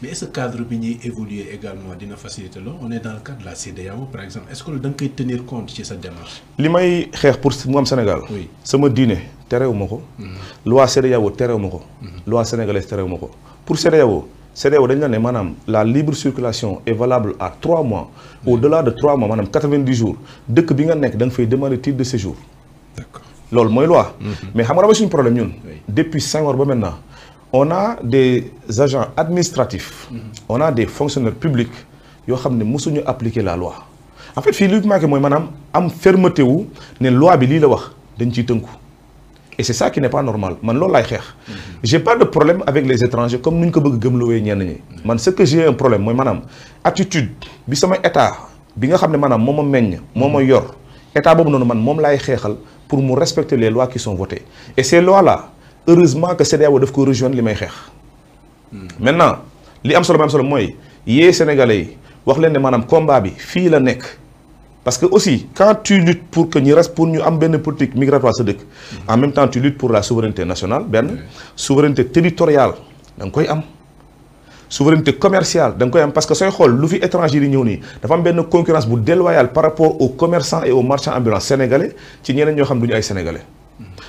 mais est-ce que le cadre bi évolue également dans faciliter facilité on est dans le cadre de la CDAO, par exemple est-ce que vous devez tenir compte de cette démarche. li may pour moi am Sénégal. oui sama dîner. La la loi CEDEAO est la loi sénégalaise pour la la libre circulation est valable à trois mois au-delà de trois mois madame, 90 jours Dès bi nga vous fait demander fay titre de séjour. d'accord C'est la loi. Mhm. mais xam nga dama un problème depuis 5 ans maintenant on a des agents administratifs, mhm. on a des fonctionnaires publics qui ont appliquer la loi. En fait, Philippe Marquet, moi, madame, am fermeté où la loi bili la wax Et c'est ça qui n'est pas normal. Mhm. Je n'ai pas de problème avec les étrangers comme nous ne bëgg pas lowé ñen ce que j'ai un problème c'est madame, attitude bi sama état bi nga xamné manam moma moma mhm. yor état bobu man mom pour respecter les lois qui sont votées. Et ces lois là heureusement que le daf ko rejoindre les mains maintenant les am solo am solo que les sénégalais ils wax combat parce que aussi quand tu luttes pour que nous reste pour politique migratoire mm-hmm. en même temps tu luttes pour la souveraineté nationale la souveraineté territoriale tu am. souveraineté commerciale am parce que si un lu fi étranger de ñëw nii dafa concurrence déloyale par rapport aux commerçants et aux marchands ambulants sénégalais tu ñeneen ñoo xam du ay sénégalais.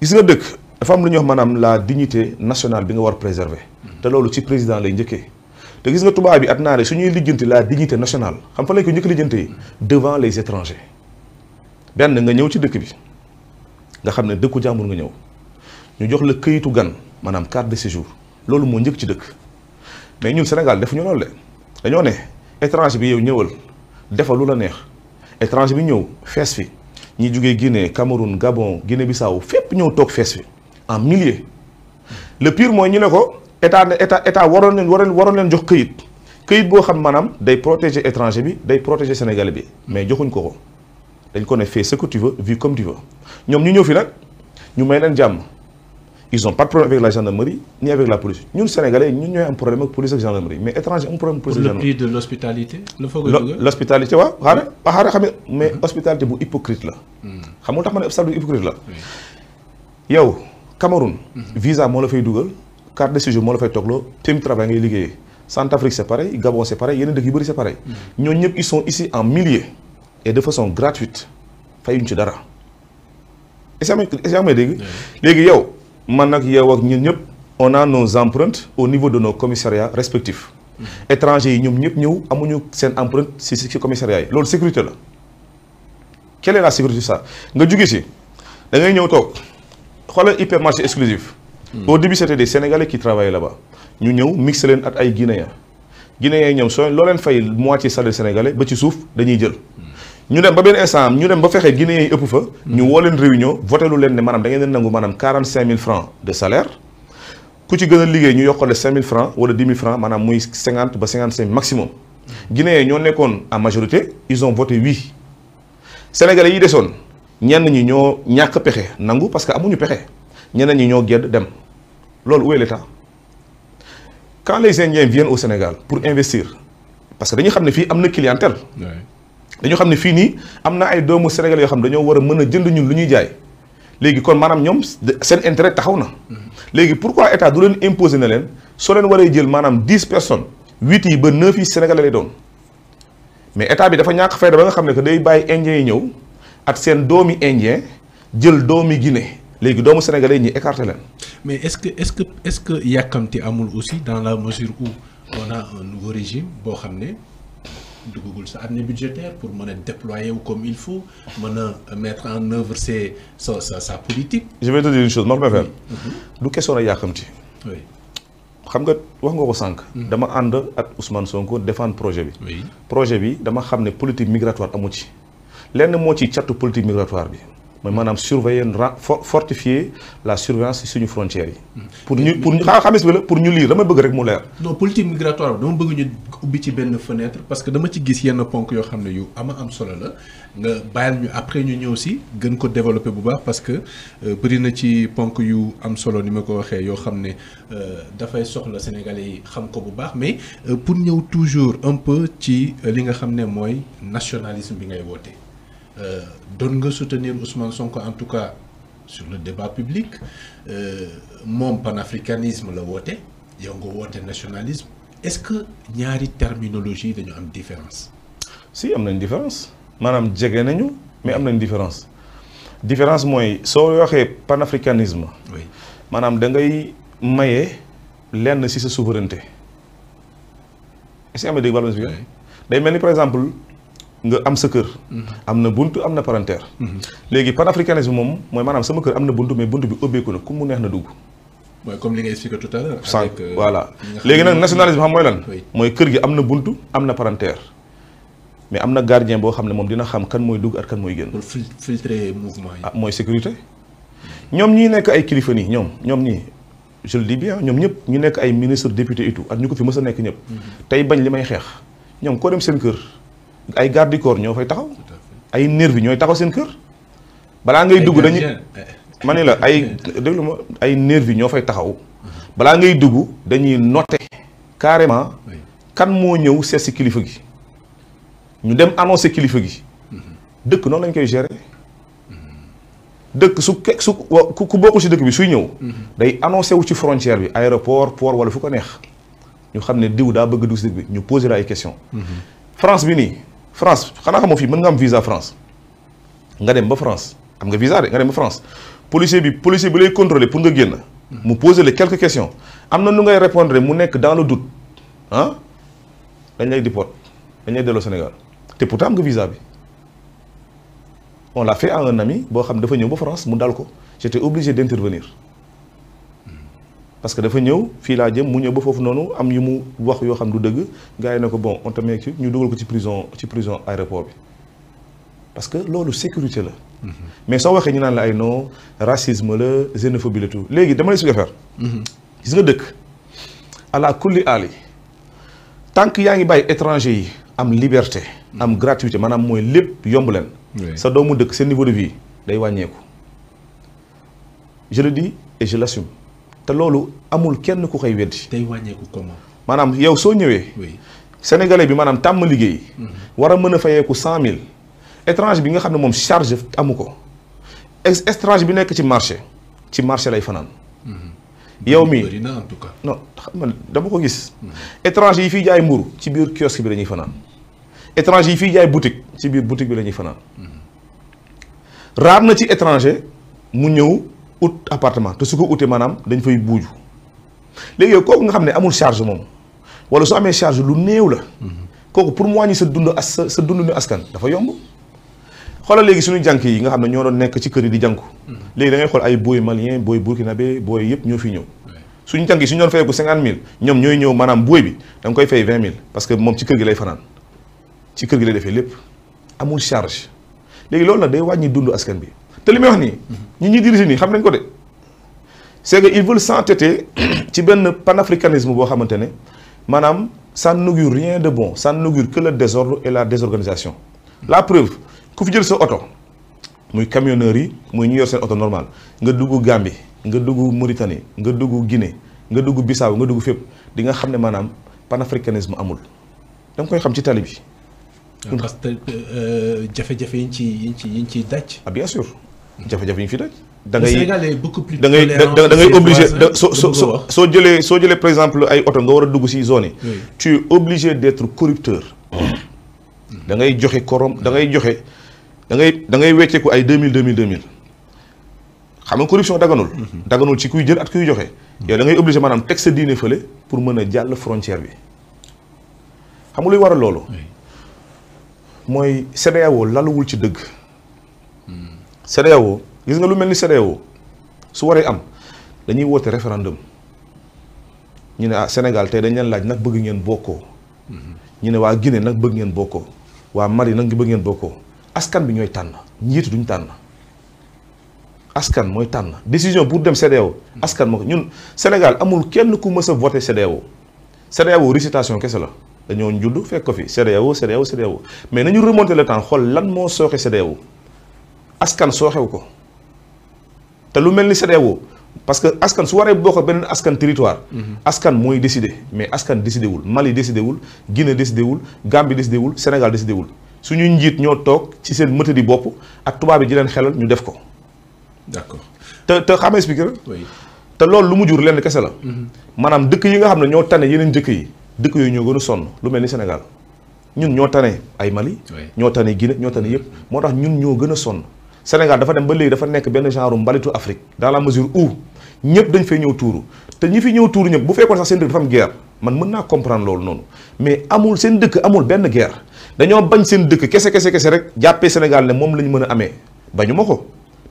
lu la dignité nationale bi nga war préserver ce hmm. que ci président lay a bi la dignité nationale xam que ko hmm. devant les étrangers Nous nga ñëw ci dëkk bi nga xam ne de jàmbur nga ñëw ñu jox la këyitu gan Manam carte de séjour loolu que ci mais au Sénégal Nous avons fait dañoo ne étranger bi yow ñëwal defal Étrangers, neex étranger ñi jugee Guinée Cameroun Gabon Guinée Bissau fep ñeu tok fess fi en milliers le pire mooy ñu ne ko état état état waron leen waroon waron len jox këyit këyit bo xam manam day protéger étranger bi day protéger sénégalais bi mais joxuñ ko ko dañ ko ne fais ce que tu veux vis comme tu veux ñom ñu ñeu fi nak ñu may len jamm ils n'ont pas de problème avec la gendarmerie ni avec la police. Nous, Sénégalais, nous avons un problème avec la police et la gendarmerie. Mais étrangers un problème avec la Pour Le prix de l'hospitalité L'hospitalité, oui. Mais l'hospitalité mm-hmm. est hypocrite. Là. Vous savez l'obstacle hypocrite là. Yo, Cameroun, mm-hmm. visa, moi le fais carte de séjour, moi le fais Toglo, team travail, il est Centrafrique, c'est pareil, Gabon, c'est pareil, Yéné de Gibori, c'est pareil. Nous, mm-hmm. ils sont ici en milliers et de façon gratuite. Fayoun Chidara. Et ça m'a dit, man nag yow ak ñun ñëpp on a nos empreintes au niveau de nos commissariats respectifs mm-hmm. étrangers yi ñoom ñëpp ñëw amuñu seen empreinte si ci commissariat yi loolu sécurité la quelle est la sécurité ça nga jóge si da ñëw toog xoolal hypermarché exclusif boo mm-hmm. début c'était des sénégalais qui travaillaient là-bas ñu ñëw mixé leen ak ay guinéens guinéens ñoom soo loo leen fay moitié salaire sénégalais ba ci suuf dañuy jël mm-hmm. ñu dem ba ben instant ñu dem ba fexé Guinée yi ëpp fa. ñu wo leen réunion voté lu leen ne da ngeen di nangu maanaam 45000 francs de salaire ku ci gëna a liggéey ñu yokkale 5000 francs wala 10 000 francs manam muy 50 ba 55 maximum. guinéen ñoo nekkoon à majorité ils ont voté oui sénégalais yi desoon ñenn ñi ñoo ñàkk pexe nangu parce que amuñu pexe ñenn ñi ñoo gedd dem loolu où est l'état quand les Indiens viennent au Sénégal pour investir parce que dañu xam ne fii am na clientèle dañu xamné ne fii nii ay doomu sénégalais yo xam dañu wara mëna a jënd ñun lu ñuy jaay légui kon manam ñom seen intérêt taxawna mm-hmm. légui pourquoi état du leen imposer na leen so leen waree jël manam 10 personnes 8 yi ba 9 yi Sénégalais lay doon mais état bi dafa ñak fayda ba nga xamné que day bàyyi indien yi ñëw at seen doomi indien jël doomi guiné légui doomu sénégalais ñi écarté leen. mais est-ce que est-ce que est-ce que yàkkamti amul aussi dans la mesure où on a un nouveau régime bo xamné Google, pour déployer comme il faut maintenant mettre en œuvre sa politique. je vais te dire une chose que mhm. du question oui que tu wax nga ko mhm. dama Ousmane Sonko défendre projet Le projet je dama que politique migratoire amu ci lenn une politique migratoire mais maintenant, surveiller fortifier la surveillance sur nos frontières mm. pour nous pour pour lire Mais non politique migratoire dama une fenêtre parce que dama ci aussi yenn après développer parce que pour euh, ci ponk yu am solo euh, sénégalais mais euh, pour nous, toujours un peu ci li nationalisme bi ngay euh, donne nga soutenir Ousmane Sonko en tout cas sur le débat public euh, Mon panafricanisme voté, y a un nationalisme est-ce que une terminologie dañu une différence. si a une différence maanaam mais nañu mais a une différence différence moi, c'est le panafricanisme. Madame, vous da ngay maye lenn ci souveraineté. est-ce que am veux dire day par exemple. nga am sa kër. Mm-hmm. am na buntu am na palanteer. Mm-hmm. léegi panafricanisme moom mooy maanaam sama kër am na bunt mais bunt bi ubbeeku na ku mu neex na dugg. mooy comme li ngay expliqué tout à l'heure. sànq euh, voilà léegi nag nationalisme xam mooy lan. mooy kër gi am na buntu am na palanteer. mais am na gardien boo xam ne moom dina xam kan mooy dugg ak kan mooy génn. pour filtrer mouvement ah, mooy sécurité. ñoom ñii nekk ay kilifa nii ñoom ñoom ñii. je le dis bien ñoom ñëpp ñu nekk ay ministre député et tout ak ñu ko fi mës a nekk ñëpp. Mm-hmm. tey bañ li may xeex ñoom koo seen kër. ay garde du corps ñoo fay taxaw ay nervi ñoy taxaw seen kër bala ngay dugg dañuy eh, eh, eh. mané la ay déglu ma ay nervi ñoo fay taxaw bala ngay dugg dañuy noter carrément kan mo ñëw ces kilifa gi ñu dem annoncer kilifa gi dëkk non lañ koy gérer dëkk su su ku bokku ci dëkk bi suy ñëw day annoncer wu ci frontière bi aéroport port wala fu ko neex ñu xamné ne diw daa bëgg dugg si bi ñu poser la ay question mhm. France bi ni France xanaa xamoo fi mën nga am visa France nga dem ba France am nga visa de nga dem ba France policier bi policier bi lay contrôler pour nga guen. mu poser les quelques questions Amna nu ngay répondre mu nek dans le doute Hein? dañ lay déporte dañ lay délo Sénégal Té pourtant am nga visa bi on l'a fait à un ami bo xam dafa ñëw ba France mu dal ko j'étais obligé d'intervenir parce que dafa ñëw fi la jëm mu ñëw ba fofu nonu am yimu wax yo xam du dëgg gaay nako ko bon on t'a met ci ñu duggal ko ci prison ci prison aéroport bi parce que lolu sécurité la. Mm-hmm. mais so waxe ñu naan la ay non racisme le xénophobie le tout légui dama lay suñu faire. Mm-hmm. gis nga dëkk ala kulli ali tant que yaa ngi étranger yi am liberté. Mm-hmm. am gratuité manam moy lepp yomb leen. sa doomu dëkk ce niveau de vie day wañéku je le dis et je l'assume te loolu amul kenn ku koy weddi. wàññeeku comment. maanaam yow soo ñëwee. oui sénégalais bi maanaam tàmm liggéey. Mhm. war a mën a fayeeku cent mille. étranger bi nga xam ne moom charge amu ko. étranger bi nekk ci marché. ci marché lay fanaan. Mhm. yow mi en tout cas. dama ko gis. Mhm. étranger yi fiy jaay mburu ci biir kiosque bi la fanaan. étranger yi fiy jaay boutique ci biir boutique bi lañuy ñuy fanaan. raar na ci étranger mu ñëw. appartement te ce vous manam dañ fay buuju yow nga xamné charge wala charge pour moi sa as sa dund vous askan dafa yomb suñu jank yi nga xamné ci di da ngay xol ay boy malien boy burkinabé boy yëpp ñoo fi ñew suñu jank yi suñu cinquante mille ñom ñoy ñew manam boy bi vous koy fay vingt mille parce que mon ci kër gi lay ci gi lay lépp charge des lool day wañi askan te li ni ni nii ñi ñuy dirige xam nañ ko de c'est que ils veulent s'entêter ci ben panafricanisme bo xamante ne madame, ça n'augure rien de bon ça n'augure que le désordre et la désorganisation la preuve ku fi jël sa camionnerie, muy camionneurs yi muy ñu yor seen oto normal nga Gambie nga Mauritanie nga Guinée nga Bissau nga dugg fépp di nga xam ne panafricanisme amul da nga koy xam ci tali bi. parce que euh, jafe-jafe yi ñu ah bien sûr jafe-jafe ñu fi daj. da ngay Sénégal est beaucoup plus da ngay da ngay obligé so soo so jëlé soo jëlee par exemple ay auto nga wara dugg ci zone tu es obligé d'être corrupteur. da ngay joxé corom da ngay joxé da ngay da ngay wéccé wecceeku ay 2000 2000 deux xam nga corruption daganul. Mhm. daganul ci kuy jël at kuy joxé yow da ngay obligé manam teg sa diine fële pour mën jall jàll frontière bi xam nga luy waral loolu. mooy CEDEAO laluwul ci deug CEDEAO gis nga lu mel ni CEDEAO su waree am dañuy woote référendum ñu ne ah Sénégal tey dañ leen laaj nag bëgg ngeen bokkoo ñu ne waa Guinée nag bëgg ngeen bokkoo waa mari nag bëgg ngeen bokkoo askan bi ñooy tànn njiitu duñ tànn askan mooy tànn décision pour dem CEDEAO askan moo ko ñun Sénégal amul kenn ku mës a voté CEDEAO CEDEAO récitation kese la dañoo njudd fekk ko fi CEDEAO CEDEAO CEDEAO mais nañu remonter le temps xool lan moo sooxe CEDEAO askan sooxew ko te lu melni ni CEDEAO parce que askan su waré bokk beneen askan territoire. Mhm. askan moy décidé mais askan décidé wul Mali décidé wul Guinée décidé wul Gambie décidé wul Sénégal décidé wul suñu njit ño tok ci seen di bop ak tubaab bi di len xélal ñu def ko. d'accord te te xam expliquer Oui. te lool lu mu jur len kese la. Mhm. maanaam dëkk yi nga xam ne tané yeneen dëkk yi dëkk yooyu ño gënu son lu melni Sénégal ñun ño tané ay Mali. ño tané Guinée ño tané yépp motax mhm. ñun ño gëna son Sénégal dafa dem ba léegi dafa nek ben genre mbalitu Afrique dans la mesure où ñepp dañ fay ñew touru te ñi fi ñew touru ñepp bu fekkon sax sen dëkk dafa am guerre man mën naa comprendre lool non mais amul sen dëkk amul ben guerre dañoo bañ sen dëkk qu'est-ce kese rek que Sénégal ne moom la ñu mën a amee bañu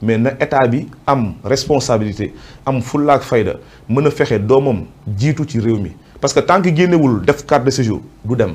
mais na état bi am responsabilité am fullaak fayda mëna fexé fexe jitu ci réew mi parce que tant que wul def carte de séjour du dem.